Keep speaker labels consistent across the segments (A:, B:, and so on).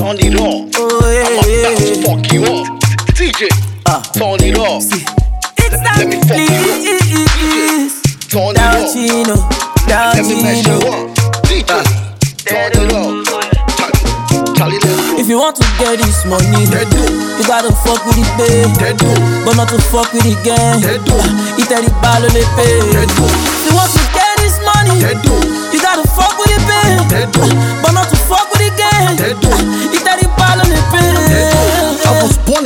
A: turn it up. Oh, yeah, I'm about to fuck you up. DJ, uh, ah. turn it up. See, it's let me fuck you up. DJ, turn it up.
B: Dalcino. Let me mess you up. DJ, uh, ah. turn it up. If you want to get this money, you gotta fuck with the babe. But not to fuck with it, gang. Itali ballo le pay. You want to get this money?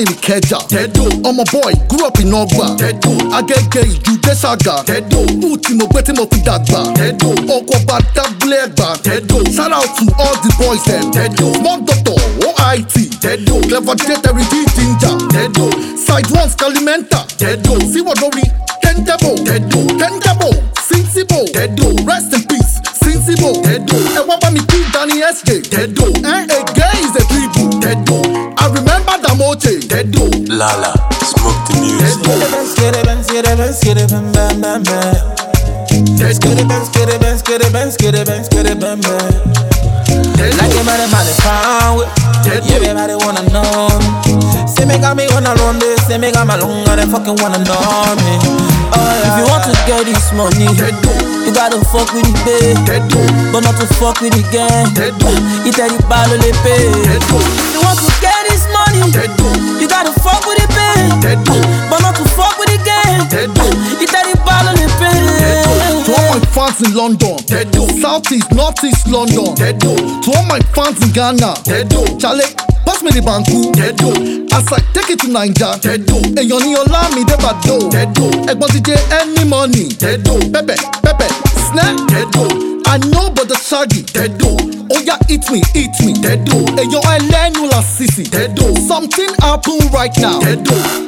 A: in Ikeja. Tedo. I'm a boy, grew up in Ogba. Tedo. Agege Iju Desaga. Tedo. School tí mo gbé tí mo fi dàgbà. Tedo. Ọkọ̀ bá dábúlé ẹgbà. Tedo. Shout out to all the boys dem. Tedo. One doctor, OIT. Tedo. Clever day tẹ̀rí bíi ginger. Tedo. Side one scalimenta. Tedo. Síwọ̀ lórí Tendebo. Tedo. Tendebo. Sensible. Tedo. Rest in peace. Sensible. Tedo. Ẹ wá bá mi kú Danny SJ. Tedo. Ẹ thing, dead Lala,
B: smoke the music. Skitty Like your body, body pound with. Yeah, everybody wanna know me. Say me got me on a run this, say me got my long and they fucking wanna know me. Uh, if you want to get this money, you gotta fuck with the babe, but not to fuck with the gang. It's any ball they pay. Tedo. Italy ball on the To
A: all my fans in London. South East, North East, London. Tedo. To all my fans in Ghana. Tedo. Chale, pass me the banku. Tedo. As I take it to Naija. Tedo. Èèyàn ni ọlá mi dé bàdó. Tedo. Ẹ̀gbọ́n ti jẹ any money. Tedo. Pẹ́pẹ́ pẹ́pẹ́ snare. Tedo. I know but the shaggy. Tedo. Oya eat me, eat me. Dedo. Eyan ẹlẹ́nu la sisi. Dedo. Something happen right now.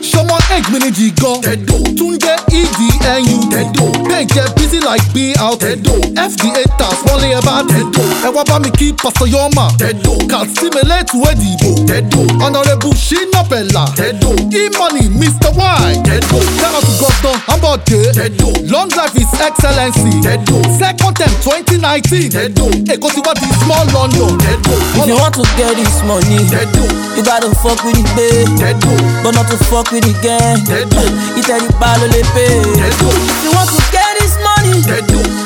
A: show my egg mini mi ni jigan. Dedo. Túnjẹ ìdí e ẹyin. Dedo. get busy like bí out. Dedo. FDA tax wọlé ẹ bá dùn. Dedo. Ẹ wá bá mi kí Pastor Yoma. Dedo. bo. Ẹ̀dìbò. Dedo. Honourable Shina Bella. Dedo. E-money Mr. Y. Dedo. Shout out to Godke Long life is excellency Second time 2019 Èkó ti wá di small London. If you
B: want to get this money, you gotta fuck with it babe But not to fuck with it It's ìtẹ̀ríba ló lè pay. If you want to get this money.